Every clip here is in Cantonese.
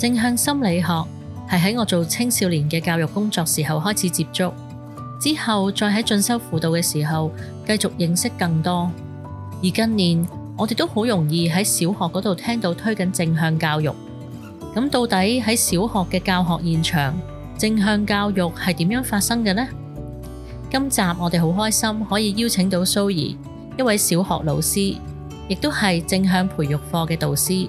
正向心理學係喺我做青少年嘅教育工作時候開始接觸，之後再喺進修輔導嘅時候繼續認識更多。而近年我哋都好容易喺小學嗰度聽到推緊正向教育，咁到底喺小學嘅教學現場，正向教育係點樣發生嘅呢？今集我哋好開心可以邀請到淑怡，一位小學老師，亦都係正向培育課嘅導師。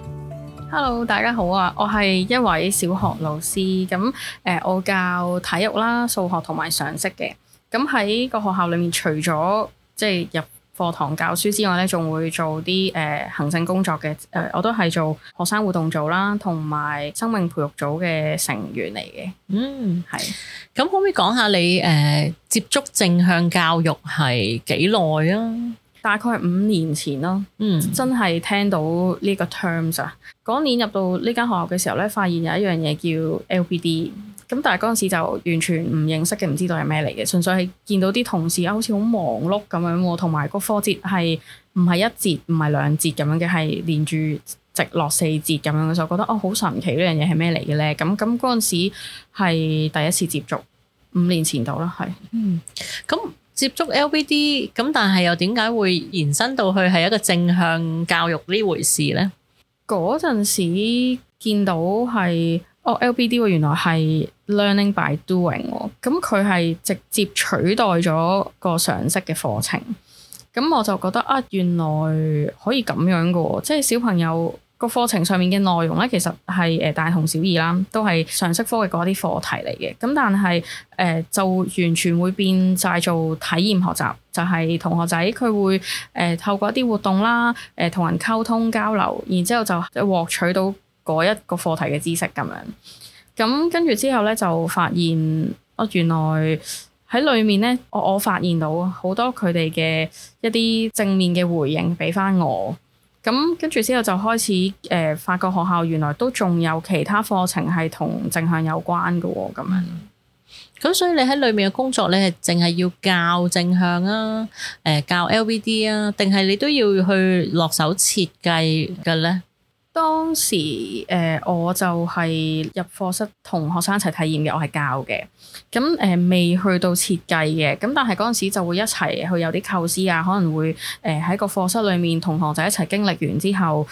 Hello，大家好啊！我係一位小學老師，咁誒、呃，我教體育啦、數學同埋常識嘅。咁喺個學校裏面，除咗即係入課堂教書之外咧，仲會做啲誒、呃、行政工作嘅。誒、呃，我都係做學生活動組啦，同埋生命培育組嘅成員嚟嘅。嗯，係是。咁可唔可以講下你誒、呃、接觸正向教育係幾耐啊？大概五年前咯，嗯、真係聽到呢個 terms 啊！嗰年入到呢間學校嘅時候呢，發現有一樣嘢叫 LBD，咁但係嗰陣時就完全唔認識嘅，唔知道係咩嚟嘅，純粹係見到啲同事啊，好似好忙碌咁樣喎，同埋個課節係唔係一節唔係兩節咁樣嘅，係連住直落四節咁樣嘅時候，覺得哦，好神奇，呢樣嘢係咩嚟嘅呢？咁咁嗰陣時係第一次接觸，五年前度啦，係，嗯，咁。接觸 LBD 咁，但係又點解會延伸到去係一個正向教育呢回事呢？嗰陣時見到係哦，LBD 喎，原來係 learning by doing 喎，咁佢係直接取代咗個常識嘅課程，咁我就覺得啊，原來可以咁樣嘅喎，即係小朋友。個課程上面嘅內容咧，其實係誒大同小異啦，都係常識科嘅嗰啲課題嚟嘅。咁但係誒、呃、就完全會變曬做體驗學習，就係、是、同學仔佢會誒、呃、透過一啲活動啦，誒、呃、同人溝通交流，然之後就獲取到嗰一個課題嘅知識咁樣。咁跟住之後咧，就發現我原來喺裡面咧，我我發現到好多佢哋嘅一啲正面嘅回應俾翻我。咁跟住之後就開始誒發覺學校原來都仲有其他課程係同正向有關嘅喎、哦，咁樣、嗯。咁所以你喺裏面嘅工作，你係淨係要教正向啊，誒、呃、教 LBD 啊，定係你都要去落手設計嘅咧？當時誒、呃、我就係入課室同學生一齊體驗嘅，我係教嘅，咁誒、呃、未去到設計嘅，咁但係嗰陣時就會一齊去有啲構思啊，可能會誒喺、呃、個課室裡面同同學仔一齊經歷完之後，誒、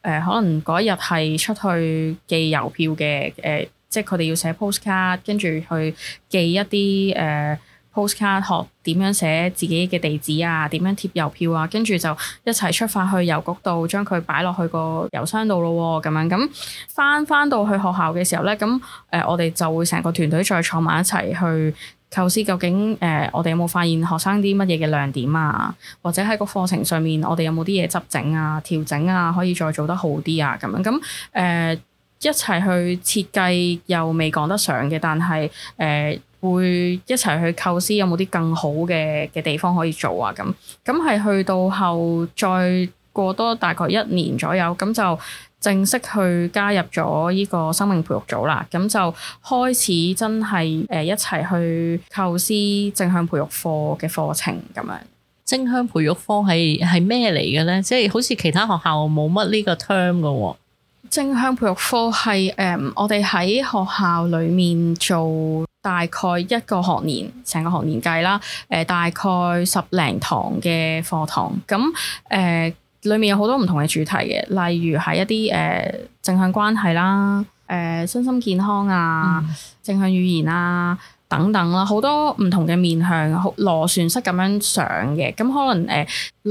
呃、可能嗰一日係出去寄郵票嘅，誒、呃、即係佢哋要寫 postcard，跟住去寄一啲誒。呃 Postcard 學點樣寫自己嘅地址啊，點樣貼郵票啊，跟住就一齊出發去郵局度將佢擺落去個郵箱度咯喎，咁樣咁返返到去學校嘅時候咧，咁誒、呃、我哋就會成個團隊再坐埋一齊去構思究竟誒、呃、我哋有冇發現學生啲乜嘢嘅亮點啊，或者喺個課程上面我哋有冇啲嘢執整啊、調整啊，可以再做得好啲啊，咁樣咁誒、呃、一齊去設計又未講得上嘅，但係誒。呃會一齊去構思有冇啲更好嘅嘅地方可以做啊？咁咁係去到後再過多大概一年左右，咁就正式去加入咗呢個生命培育組啦。咁就開始真係誒、呃、一齊去構思正向培育課嘅課程咁樣。正向培育課係係咩嚟嘅呢？即、就、係、是、好似其他學校冇乜呢個 term 㗎喎、啊。正向培育課係誒我哋喺學校裡面做。大概一個學年，成個學年計啦，誒、呃、大概十零堂嘅課堂，咁誒、呃、裡面有好多唔同嘅主題嘅，例如係一啲誒、呃、正向關係啦、誒、呃、身心健康啊、嗯、正向語言啊等等啦，好多唔同嘅面向，螺旋式咁樣上嘅，咁可能誒、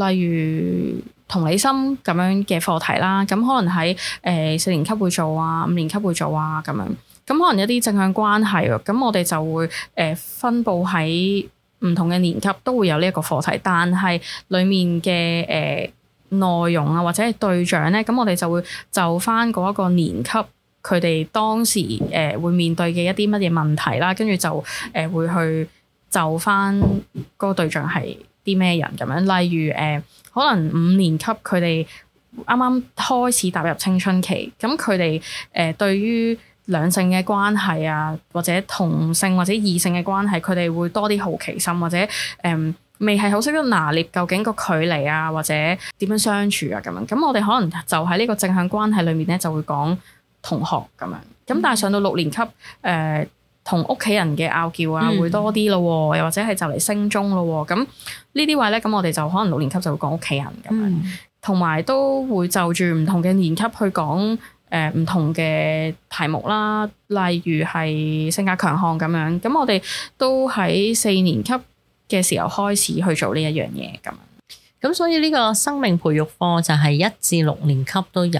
呃、例如同理心咁樣嘅課題啦，咁可能喺誒四年級會做啊，五年級會做啊咁樣。咁可能一啲正向關係，咁我哋就會誒、呃、分布喺唔同嘅年級都會有呢一個課題，但係裡面嘅誒、呃、內容啊，或者係對象咧，咁我哋就會就翻嗰一個年級佢哋當時誒、呃、會面對嘅一啲乜嘢問題啦，跟住就誒、呃、會去就翻嗰個對象係啲咩人咁樣，例如誒、呃、可能五年級佢哋啱啱開始踏入青春期，咁佢哋誒對於。兩性嘅關係啊，或者同性或者異性嘅關係，佢哋會多啲好奇心，或者誒未係好識得拿捏究竟個距離啊，或者點樣相處啊咁樣。咁我哋可能就喺呢個正向關係裏面咧，就會講同學咁樣。咁但係上到六年級，誒、呃、同屋企人嘅拗撬啊會多啲咯，又、嗯、或者係就嚟升中咯。咁呢啲位咧，咁我哋就可能六年級就會講屋企人咁樣，同埋、嗯、都會就住唔同嘅年級去講。誒唔、呃、同嘅題目啦，例如係性格強項咁樣，咁我哋都喺四年級嘅時候開始去做呢一樣嘢咁。咁所以呢個生命培育課就係一至六年級都有，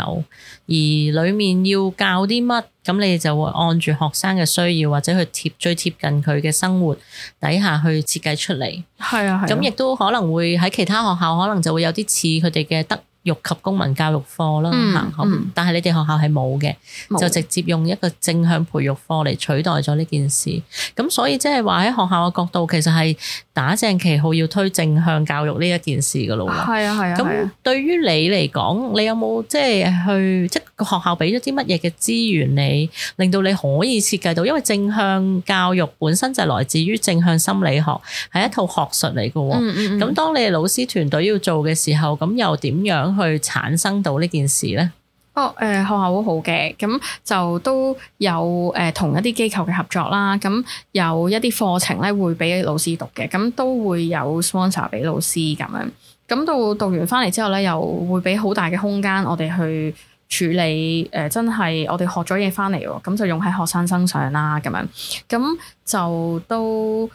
而裡面要教啲乜，咁你就會按住學生嘅需要或者去貼最貼近佢嘅生活底下去設計出嚟。係啊，咁亦、啊、都可能會喺其他學校可能就會有啲似佢哋嘅特。育及公民教育課啦，嗯、但係你哋學校係冇嘅，嗯、就直接用一個正向培育課嚟取代咗呢件事。咁所以即係話喺學校嘅角度，其實係。打正旗號要推正向教育呢一件事嘅咯，係啊係啊。咁、啊啊啊、對於你嚟講，你有冇即係去即係個學校俾咗啲乜嘢嘅資源你，令到你可以設計到？因為正向教育本身就係來自於正向心理學，係一套學術嚟嘅、嗯。嗯嗯嗯。咁當你哋老師團隊要做嘅時候，咁又點樣去產生到呢件事呢？哦、oh，呃，學校好好嘅，咁就都有誒、呃、同一啲機構嘅合作啦，咁有一啲課程咧會俾老師讀嘅，咁都會有 sponsor 俾老師咁樣，咁到讀完翻嚟之後咧，又會俾好大嘅空間我哋去處理誒、呃，真係我哋學咗嘢翻嚟喎，咁就用喺學生身上啦，咁樣，咁就都誒、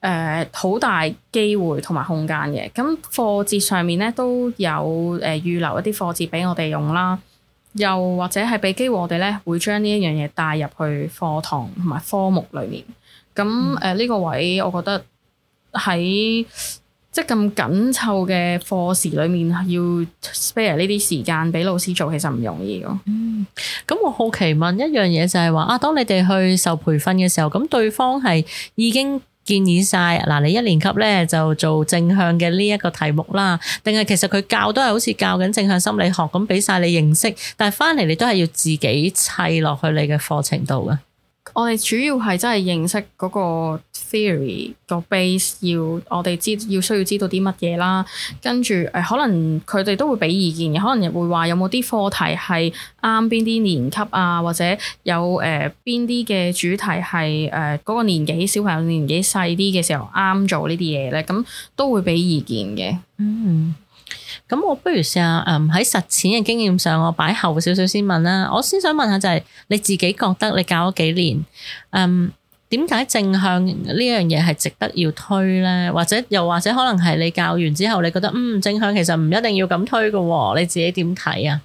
呃、好大機會同埋空間嘅，咁課節上面咧都有誒、呃、預留一啲課節俾我哋用啦。又或者係俾機會我，我哋咧會將呢一樣嘢帶入去課堂同埋科目裏面。咁誒呢個位，我覺得喺即係咁緊湊嘅課時裏面，要 spare 呢啲時間俾老師做，其實唔容易咯。嗯，咁我好奇問一樣嘢，就係話啊，當你哋去受培訓嘅時候，咁對方係已經建議曬你一年級呢就做正向嘅呢一個題目啦，定係其實佢教都係好似教緊正向心理學咁，俾曬你認識，但係返嚟你都係要自己砌落去你嘅課程度嘅？我哋主要係真係認識嗰個 theory 個 base，要我哋知要需要知道啲乜嘢啦。跟住誒、呃，可能佢哋都會俾意見嘅，可能會話有冇啲課題係啱邊啲年級啊，或者有誒邊啲嘅主題係誒嗰個年紀小朋友年紀細啲嘅時候啱做呢啲嘢咧，咁都會俾意見嘅。嗯。咁我不如試下，喺、嗯、實踐嘅經驗上，我擺後少少先問啦。我先想問下就係、是，你自己覺得你教咗幾年，嗯，點解正向呢樣嘢係值得要推呢？或者又或者可能係你教完之後，你覺得嗯正向其實唔一定要咁推㗎喎，你自己點睇啊？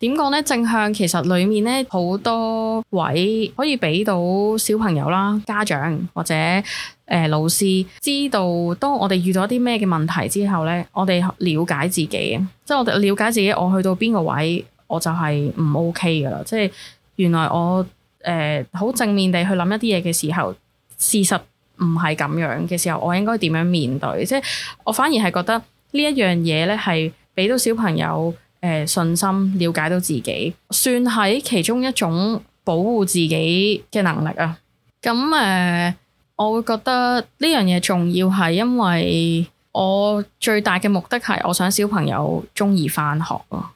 點講呢？正向其實裡面呢，好多位可以俾到小朋友啦、家長或者誒、呃、老師知道，當我哋遇到一啲咩嘅問題之後呢，我哋了解自己，即係我哋了解自己，我去到邊個位我就係唔 OK 噶啦。即係原來我誒好、呃、正面地去諗一啲嘢嘅時候，事實唔係咁樣嘅時候，我應該點樣面對？即係我反而係覺得呢一樣嘢呢，係俾到小朋友。誒、嗯、信心了解到自己，算係其中一種保護自己嘅能力啊。咁誒、呃，我會覺得呢樣嘢重要係因為我最大嘅目的係我想小朋友中意翻學咯、啊。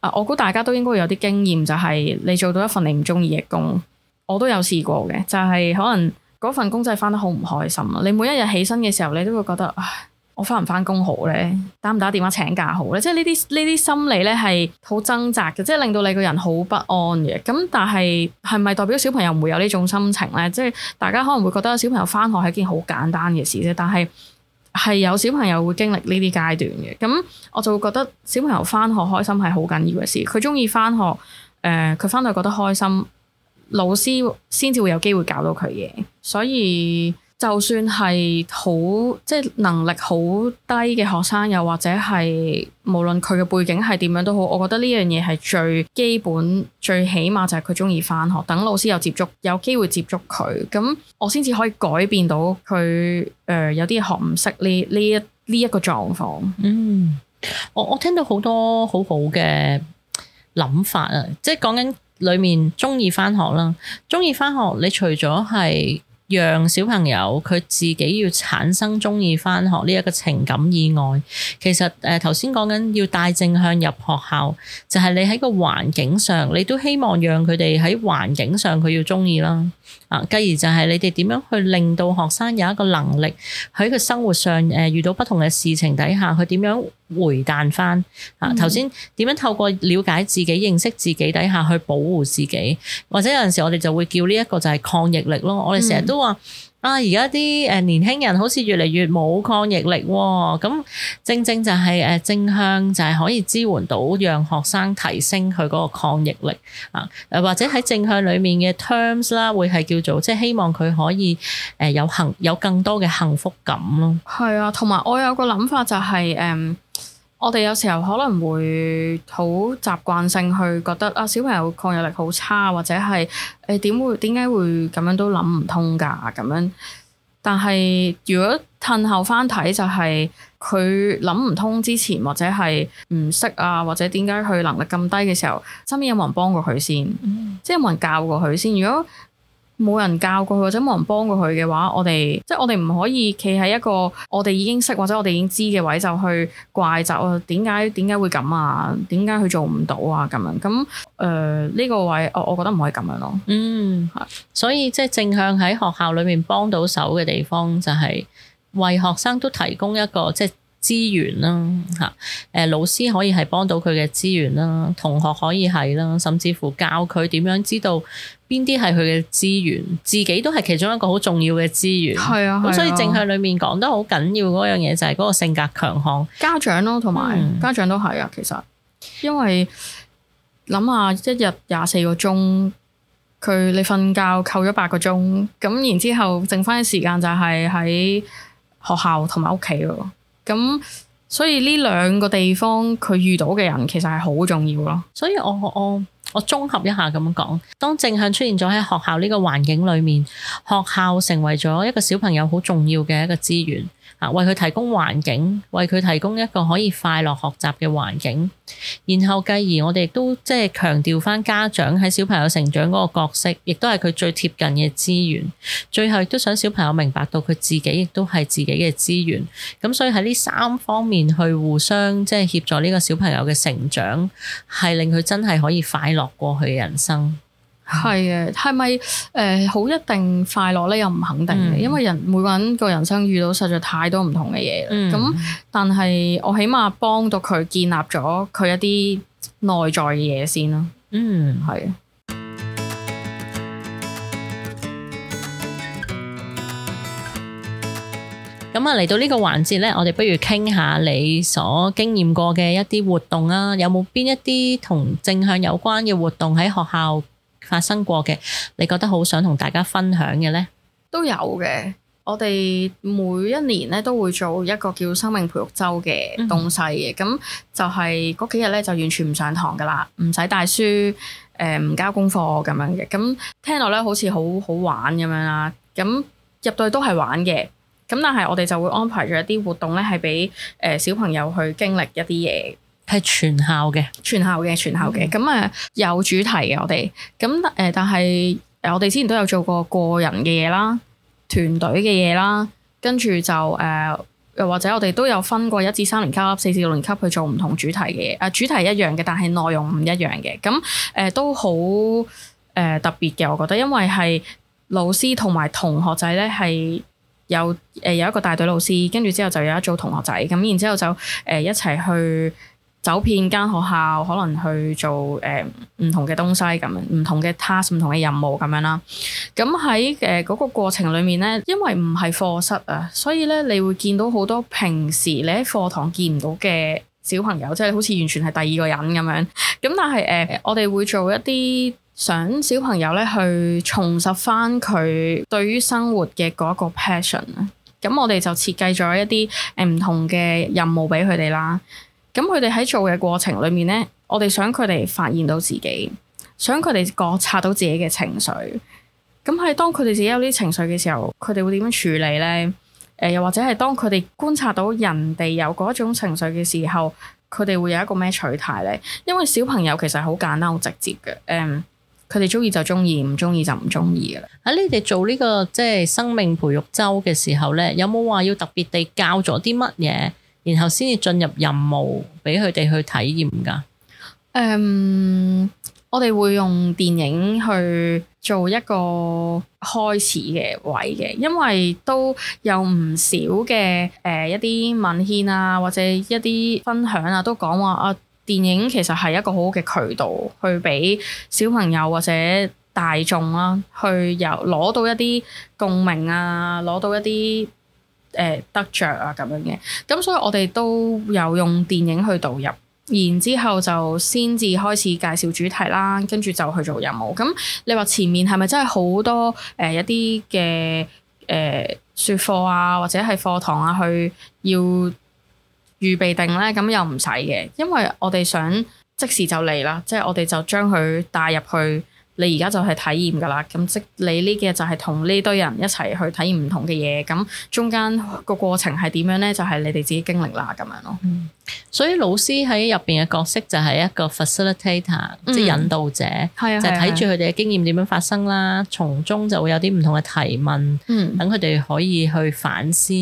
啊，我估大家都應該有啲經驗，就係你做到一份你唔中意嘅工，我都有試過嘅，就係、是、可能嗰份工真係翻得好唔開心啊！你每一日起身嘅時候，你都會覺得啊～我翻唔翻工好咧？打唔打電話請假好咧？即係呢啲呢啲心理咧係好掙扎嘅，即係令到你個人好不安嘅。咁但係係咪代表小朋友唔會有呢種心情咧？即係大家可能會覺得小朋友翻學係件好簡單嘅事啫，但係係有小朋友會經歷呢啲階段嘅。咁我就會覺得小朋友翻學開心係好緊要嘅事。佢鍾意翻學，誒、呃，佢翻到去覺得開心，老師先至會有機會教到佢嘅。所以。就算係好即係能力好低嘅學生，又或者係無論佢嘅背景係點樣都好，我覺得呢樣嘢係最基本、最起碼就係佢鍾意返學。等老師有接觸、有機會接觸佢，咁我先至可以改變到佢誒、呃、有啲學唔識呢呢一呢一,一個狀況。嗯，我我聽到好多好好嘅諗法啊！即係講緊裡面鍾意返學啦，鍾意返學，你除咗係。讓小朋友佢自己要產生鍾意返學呢一個情感以外，其實誒頭先講緊要帶正向入學校，就係你喺個環境上，你都希望讓佢哋喺環境上佢要鍾意啦。啊，繼而就係你哋點樣去令到學生有一個能力喺佢生活上誒、呃、遇到不同嘅事情底下，佢點樣回彈翻？啊，頭先點樣透過了解自己、認識自己底下去保護自己，或者有陣時我哋就會叫呢一個就係抗逆力咯，我哋成日都話。嗯啊！而家啲誒年輕人好似越嚟越冇抗逆力喎，咁、哦、正正就係誒正向就係可以支援到讓學生提升佢嗰個抗逆力啊！誒或者喺正向裡面嘅 terms 啦，會係叫做即係、就是、希望佢可以誒有幸有更多嘅幸福感咯。係啊，同埋我有個諗法就係、是、誒。嗯我哋有時候可能會好習慣性去覺得啊，小朋友抗逆力好差，或者係誒點會點解會咁樣都諗唔通㗎咁樣。但係如果褪後翻睇，就係佢諗唔通之前，或者係唔識啊，或者點解佢能力咁低嘅時候，身邊有冇人幫過佢先？嗯、即係有冇人教過佢先？如果冇人教過佢或者冇人幫過佢嘅話，我哋即係我哋唔可以企喺一個我哋已經識或者我哋已經知嘅位，就去怪責啊，點解點解會咁啊？點解佢做唔到啊？咁樣咁誒呢個位，我我覺得唔可以咁樣咯。嗯，係是，所以即係正向喺學校裏面幫到手嘅地方，就係為學生都提供一個即係。就是資源啦嚇，誒、啊、老師可以係幫到佢嘅資源啦，同學可以係啦，甚至乎教佢點樣知道邊啲係佢嘅資源，自己都係其中一個好重要嘅資源。係啊，咁、啊、所以正向裏面講得好緊要嗰樣嘢就係嗰個性格強項家長咯、啊，同埋、嗯、家長都係啊。其實因為諗下一日廿四個鐘，佢你瞓覺扣咗八個鐘，咁然之後剩翻嘅時間就係喺學校同埋屋企咯。咁所以呢兩個地方佢遇到嘅人其實係好重要囉，所以我我我綜合一下咁講，當正向出現咗喺學校呢個環境裏面，學校成為咗一個小朋友好重要嘅一個資源。啊，為佢提供環境，為佢提供一個可以快樂學習嘅環境，然後繼而我哋亦都即係強調翻家長喺小朋友成長嗰個角色，亦都係佢最貼近嘅資源。最後亦都想小朋友明白到佢自己亦都係自己嘅資源。咁所以喺呢三方面去互相即係、就是、協助呢個小朋友嘅成長，係令佢真係可以快樂過去人生。係嘅，係咪誒好一定快樂咧？又唔肯定嘅，因為人每個人個人生遇到實在太多唔同嘅嘢啦。咁但係我起碼幫到佢建立咗佢一啲內在嘅嘢先啦、嗯的嗯。嗯、係、嗯、啊。咁啊，嚟、嗯、到呢個環節咧，我哋不如傾下你所經驗過嘅一啲活動啊，有冇邊一啲同正向有關嘅活動喺學校？發生過嘅，你覺得好想同大家分享嘅咧？都有嘅，我哋每一年咧都會做一個叫生命培育周嘅東西嘅，咁就係嗰幾日咧就完全唔上堂噶啦，唔使帶書，誒唔交功課咁樣嘅，咁聽落咧好似好好玩咁樣啦，咁入到去都係玩嘅，咁但係我哋就會安排咗一啲活動咧，係俾誒小朋友去經歷一啲嘢。係全校嘅，全校嘅，全校嘅。咁啊，有主題嘅我哋，咁誒，但係誒，我哋之前都有做過個人嘅嘢啦，團隊嘅嘢啦，跟住就誒，又、呃、或者我哋都有分過一至三年級、四至六年級去做唔同主題嘅嘢，啊、呃，主題一樣嘅，但係內容唔一樣嘅。咁誒、呃，都好誒、呃、特別嘅，我覺得，因為係老師同埋同學仔咧，係有誒有一個大隊老師，跟住之後就有一組同學仔，咁然之後就誒、呃、一齊去。走遍間學校，可能去做誒唔、呃、同嘅東西咁樣，唔同嘅 task、唔同嘅任務咁樣啦。咁喺誒嗰個過程裡面呢，因為唔係課室啊，所以呢，你會見到好多平時你喺課堂見唔到嘅小朋友，即係好似完全係第二個人咁樣。咁但係誒、呃，我哋會做一啲想小朋友呢去重拾翻佢對於生活嘅嗰個 passion 啊。咁我哋就設計咗一啲誒唔同嘅任務俾佢哋啦。咁佢哋喺做嘅過程裏面呢，我哋想佢哋發現到自己，想佢哋覺察到自己嘅情緒。咁喺當佢哋自己有啲情緒嘅時候，佢哋會點樣處理呢？誒、呃，又或者係當佢哋觀察到人哋有嗰種情緒嘅時候，佢哋會有一個咩取態呢？因為小朋友其實好簡單、好直接嘅。誒、嗯，佢哋中意就中意，唔中意就唔中意噶啦。喺你哋做呢、這個即係、就是、生命培育周嘅時候呢，有冇話要特別地教咗啲乜嘢？然後先至進入任務，俾佢哋去體驗㗎。誒，um, 我哋會用電影去做一個開始嘅位嘅，因為都有唔少嘅誒、呃、一啲文獻啊，或者一啲分享啊，都講話啊電影其實係一個好好嘅渠道，去俾小朋友或者大眾啦、啊，去有攞到一啲共鳴啊，攞到一啲。誒得着啊咁樣嘅，咁所以我哋都有用電影去導入，然之後就先至開始介紹主題啦，跟住就去做任務。咁你話前面係咪真係好多誒、呃、一啲嘅誒説課啊，或者係課堂啊，去要預備定呢？咁又唔使嘅，因為我哋想即時就嚟啦，即係我哋就將佢帶入去。你而家就係體驗㗎啦，咁即你呢幾日就係同呢堆人一齊去體驗唔同嘅嘢，咁中間個過程係點樣咧？就係、是、你哋自己經歷啦，咁樣咯。所以老師喺入邊嘅角色就係一個 facilitator，即係引導者，係啊、嗯，就睇住佢哋嘅經驗點樣發生啦，從中就會有啲唔同嘅提問，嗯，等佢哋可以去反思。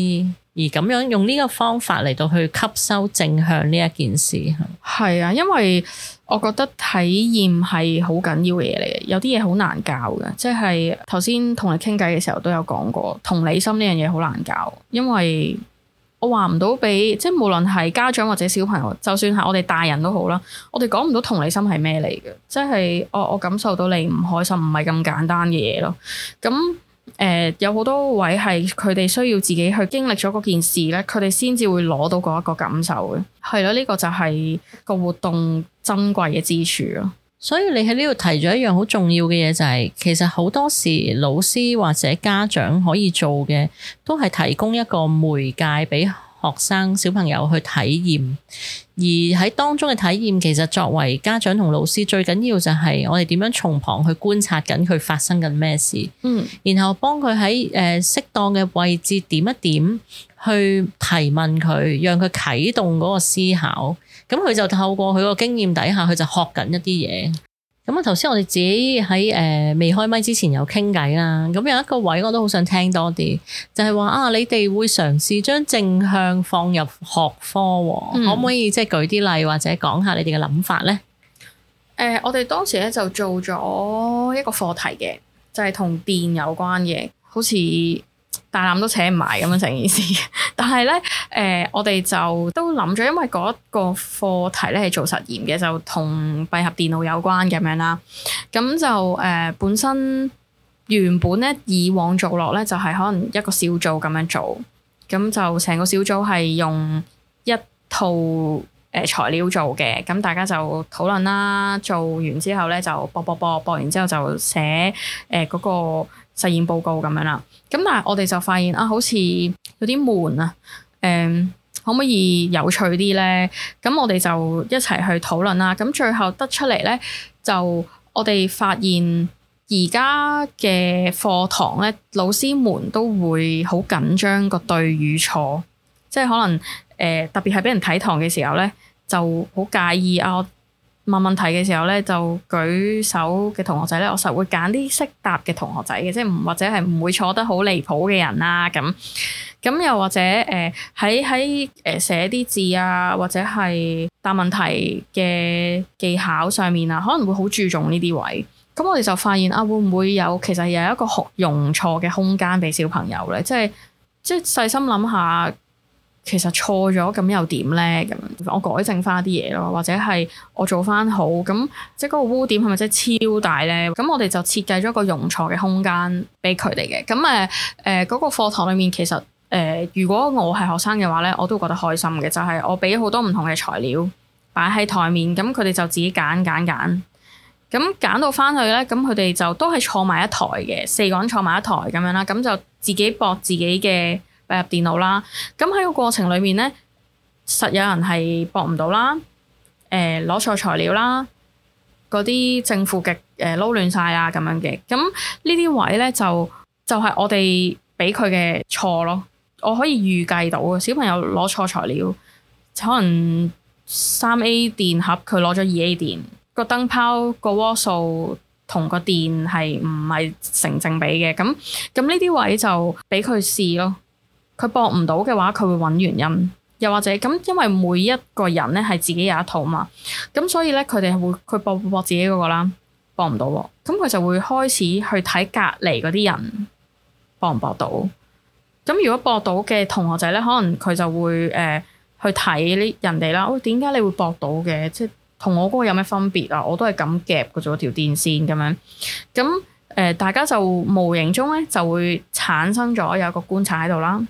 而咁樣用呢個方法嚟到去吸收正向呢一件事，係啊，因為我覺得體驗係好緊要嘅嘢嚟嘅，有啲嘢好難教嘅，即係頭先同你傾偈嘅時候都有講過，同理心呢樣嘢好難教，因為我話唔到畀，即係無論係家長或者小朋友，就算係我哋大人都好啦，我哋講唔到同理心係咩嚟嘅，即係我我感受到你唔開心，唔係咁簡單嘅嘢囉，咁。誒、呃、有好多位係佢哋需要自己去經歷咗嗰件事咧，佢哋先至會攞到嗰一個感受嘅，係、嗯、咯。呢、呢個就係個活動珍貴嘅支柱。咯。所以你喺呢度提咗一樣好重要嘅嘢，就是，就係其實好多時老師或者家長可以做嘅，都係提供一個媒介俾學生小朋友去體驗，而喺當中嘅體驗，其實作為家長同老師最緊要就係我哋點樣從旁去觀察緊佢發生緊咩事，嗯，然後幫佢喺誒適當嘅位置點一點，去提問佢，讓佢啟動嗰個思考，咁佢就透過佢個經驗底下，佢就學緊一啲嘢。咁啊，頭先我哋自己喺誒、呃、未開麥之前有傾偈啦。咁有一個位我都好想聽多啲，就係話啊，你哋會嘗試將正向放入學科，嗯、可唔可以即係舉啲例或者講下你哋嘅諗法咧？誒、呃，我哋當時咧就做咗一個課題嘅，就係、是、同電有關嘅，好似。大纜都扯唔埋咁樣成件事，但係呢，誒、呃，我哋就都諗咗，因為嗰一個課題呢係做實驗嘅，就同閉合電路有關咁樣啦。咁就誒、呃、本身原本呢，以往做落呢，就係可能一個小組咁樣做，咁就成個小組係用一套誒、呃、材料做嘅，咁大家就討論啦。做完之後呢，就博博博博，完之後就寫誒嗰、呃嗰個。實驗報告咁樣啦，咁但係我哋就發現啊，好似有啲悶啊，誒、嗯，可唔可以有趣啲呢？咁我哋就一齊去討論啦。咁最後得出嚟呢，就我哋發現而家嘅課堂呢，老師們都會好緊張個對與錯，即係可能誒、呃、特別係俾人睇堂嘅時候呢，就好介意啊。問問題嘅時候咧，就舉手嘅同學仔咧，我實會揀啲識答嘅同學仔嘅，即係唔或者係唔會錯得好離譜嘅人啦。咁咁又或者誒喺喺誒寫啲字啊，或者係答問題嘅技巧上面啊，可能會好注重呢啲位。咁我哋就發現啊，會唔會有其實有一個學用錯嘅空間俾小朋友咧？即係即係細心諗下。其實錯咗咁又點呢？咁我改正翻啲嘢咯，或者係我做翻好咁，即係嗰個污點係咪真係超大呢？咁我哋就設計咗一個容錯嘅空間俾佢哋嘅。咁誒誒嗰個課堂裡面其實誒、呃，如果我係學生嘅話呢，我都覺得開心嘅，就係、是、我俾好多唔同嘅材料擺喺台面，咁佢哋就自己揀揀揀，咁揀到翻去呢，咁佢哋就都係坐埋一台嘅，四個人坐埋一台咁樣啦，咁就自己駁自己嘅。入電腦啦，咁喺個過程裏面呢，實有人係駁唔到啦，誒、呃、攞錯材料啦，嗰啲正負極誒、呃、撈亂晒啊咁樣嘅，咁呢啲位呢，就就係、是、我哋俾佢嘅錯咯，我可以預計到嘅小朋友攞錯材料，可能三 A 電盒佢攞咗二 A 電，個燈泡個瓦數同個電係唔係成正比嘅，咁咁呢啲位就俾佢試咯。佢駁唔到嘅話，佢會揾原因，又或者咁，因為每一個人呢係自己有一套嘛，咁所以呢，佢哋會佢駁唔駁自己嗰、那個啦？駁唔到，咁佢就會開始去睇隔離嗰啲人駁唔駁到。咁如果駁到嘅同學仔呢，可能佢就會誒、呃、去睇呢人哋啦。哦，點解你會駁到嘅？即係同我嗰個有咩分別啊？我都係咁夾咗條電線咁樣。咁誒、呃，大家就無形中呢，就會產生咗有一個觀察喺度啦。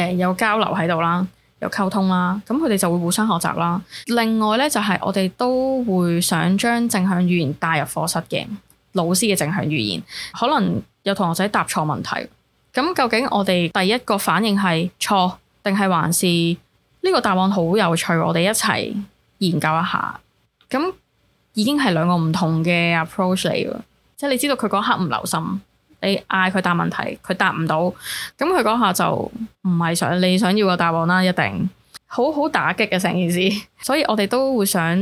誒，有交流喺度啦，有溝通啦，咁佢哋就會互相學習啦。另外呢，就係我哋都會想將正向語言帶入課室嘅老師嘅正向語言，可能有同學仔答錯問題，咁究竟我哋第一個反應，係錯，定係還是呢個答案好有趣？我哋一齊研究一下。咁已經係兩個唔同嘅 approach 嚟喎，即係你知道佢嗰刻唔留心。你嗌佢答問題，佢答唔到，咁佢嗰下就唔係想你想要個答案啦，一定好好打擊嘅成件事。所以我哋都會想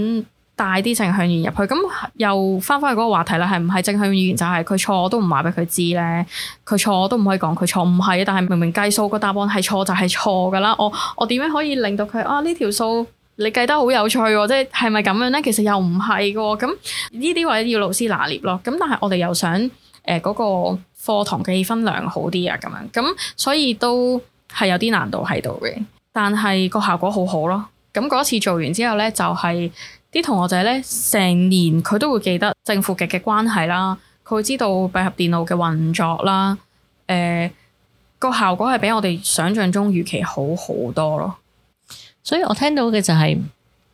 帶啲正向語言入去。咁又翻返去嗰個話題啦，係唔係正向語言就係佢錯我都唔話俾佢知咧？佢錯我都唔可以講佢錯，唔係。但係明明計數個答案係錯就係錯㗎啦。我我點樣可以令到佢啊？呢條數你計得好有趣喎，即係係咪咁樣咧？其實又唔係喎。咁呢啲位要老師拿捏咯。咁但係我哋又想誒嗰、呃嗰個課堂嘅氣氛良好啲啊，咁樣咁所以都係有啲難度喺度嘅，但係個效果好好咯。咁嗰次做完之後呢、就是，就係啲同學仔呢，成年佢都會記得正負極嘅關係啦，佢會知道閉合電路嘅運作啦。誒、呃，個效果係比我哋想象中預期好好多咯。所以我聽到嘅就係、是、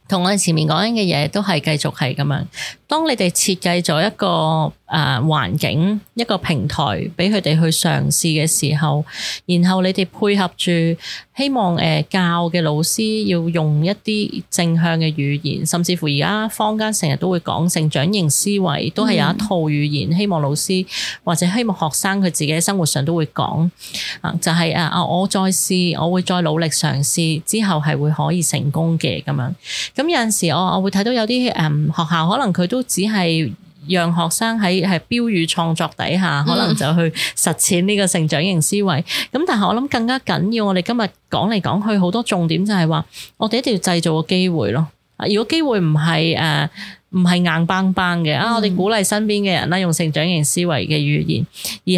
同我哋前面講緊嘅嘢都係繼續係咁樣。當你哋設計咗一個。啊，環境一個平台俾佢哋去嘗試嘅時候，然後你哋配合住，希望誒教嘅老師要用一啲正向嘅語言，甚至乎而家坊間成日都會講成長型思維，都係有一套語言，希望老師或者希望學生佢自己喺生活上都會講啊，就係啊啊，我再試，我會再努力嘗試，之後係會可以成功嘅咁樣。咁有陣時我我會睇到有啲誒學校，可能佢都只係。讓學生喺喺標語創作底下，可能就去實踐呢個成長型思維。咁但係我諗更加緊要，我哋今日講嚟講去好多重點就係話，我哋一定要製造個機會咯。如果機會唔係誒。呃唔係硬邦邦嘅啊！我哋鼓勵身邊嘅人啦，用成長型思維嘅語言，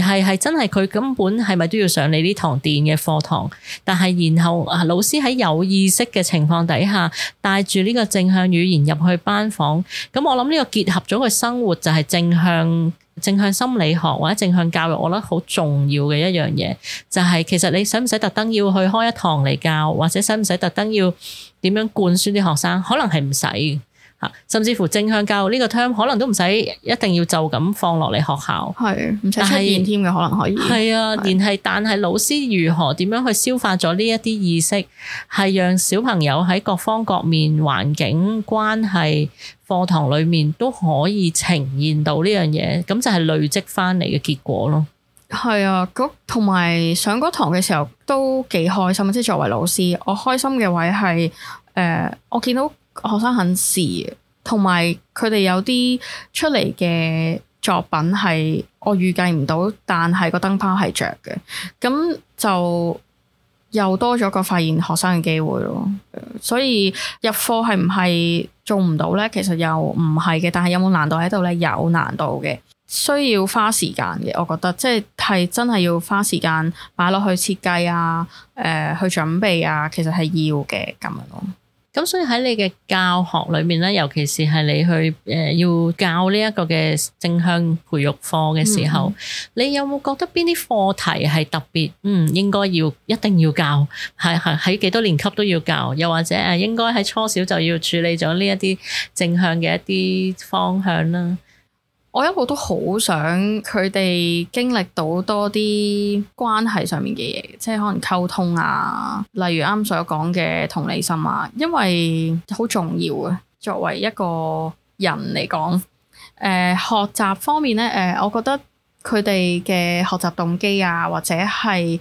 而係係真係佢根本係咪都要上你呢堂電嘅課堂？但係然後啊，老師喺有意識嘅情況底下，帶住呢個正向語言入去班房。咁我諗呢個結合咗佢生活，就係正向正向心理學或者正向教育，我覺得好重要嘅一樣嘢。就係、是、其實你使唔使特登要去開一堂嚟教，或者使唔使特登要點樣灌輸啲學生？可能係唔使。甚至乎正向教育呢個 term 可能都唔使，一定要就咁放落嚟學校，係唔使出現添嘅。可能可以係啊，連繫，但係老師如何點樣去消化咗呢一啲意識，係讓小朋友喺各方各面環境、關係、課堂裏面都可以呈現到呢樣嘢，咁就係累積翻嚟嘅結果咯。係啊，咁同埋上嗰堂嘅時候都幾開心，即係作為老師，我開心嘅位係誒，我見到。學生肯試，同埋佢哋有啲出嚟嘅作品係我預計唔到，但係個燈泡係着嘅，咁就又多咗個發現學生嘅機會咯。所以入課係唔係做唔到呢？其實又唔係嘅，但係有冇難度喺度呢？有難度嘅，需要花時間嘅，我覺得即係係真係要花時間擺落去設計啊，誒、呃、去準備啊，其實係要嘅咁樣咯。咁所以喺你嘅教學裏面咧，尤其是係你去誒、呃、要教呢一個嘅正向培育課嘅時候，嗯、你有冇覺得邊啲課題係特別嗯應該要一定要教？係係喺幾多年級都要教，又或者誒應該喺初小就要處理咗呢一啲正向嘅一啲方向啦？我一路都好想佢哋經歷到多啲關係上面嘅嘢，即係可能溝通啊，例如啱所講嘅同理心啊，因為好重要啊。作為一個人嚟講，誒、呃、學習方面咧，誒、呃、我覺得佢哋嘅學習動機啊，或者係誒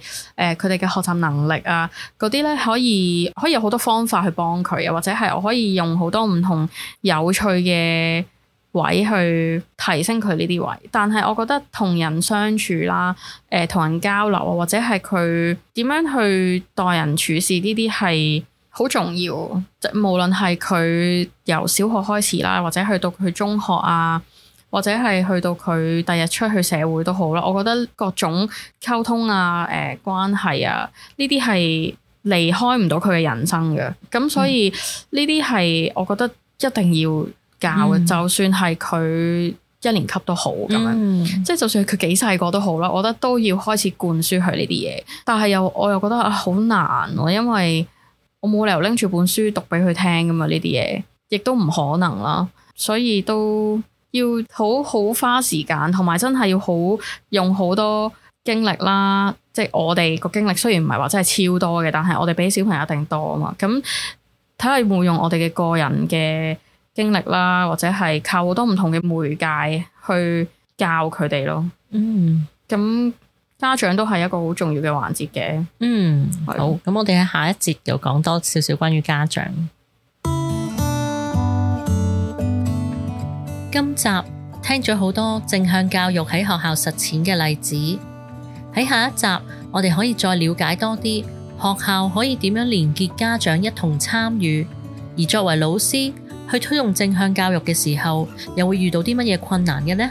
佢哋嘅學習能力啊，嗰啲咧可以可以有好多方法去幫佢啊，或者係我可以用好多唔同有趣嘅位去提升佢呢啲位，但係我覺得同人相處啦，誒、呃，同人交流啊，或者係佢點樣去待人處事呢啲係好重要。即無論係佢由小學開始啦，或者去到佢中學啊，或者係去到佢第日出去社會都好啦。我覺得各種溝通啊，誒、呃，關係啊，呢啲係離開唔到佢嘅人生嘅。咁所以呢啲係我覺得一定要。教、嗯、就算係佢一年級都好咁樣，即係、嗯、就，就算佢幾細個都好啦，我覺得都要開始灌輸佢呢啲嘢。但係又我又覺得啊，好難、啊，因為我冇理由拎住本書讀俾佢聽噶嘛。呢啲嘢亦都唔可能啦，所以都要好好花時間，同埋真係要好用好多經歷啦。即係我哋個經歷雖然唔係話真係超多嘅，但係我哋俾小朋友一定多啊嘛。咁睇下有冇用我哋嘅個人嘅。經歷啦，或者係靠好多唔同嘅媒介去教佢哋咯。嗯，咁家長都係一個好重要嘅環節嘅。嗯，是好。咁我哋喺下一節又講多少少關於家長。 今集聽咗好多正向教育喺學校實踐嘅例子，喺下一集我哋可以再了解多啲學校可以點樣連結家長一同參與，而作為老師，去推動正向教育嘅時候，又會遇到啲乜嘢困難嘅呢？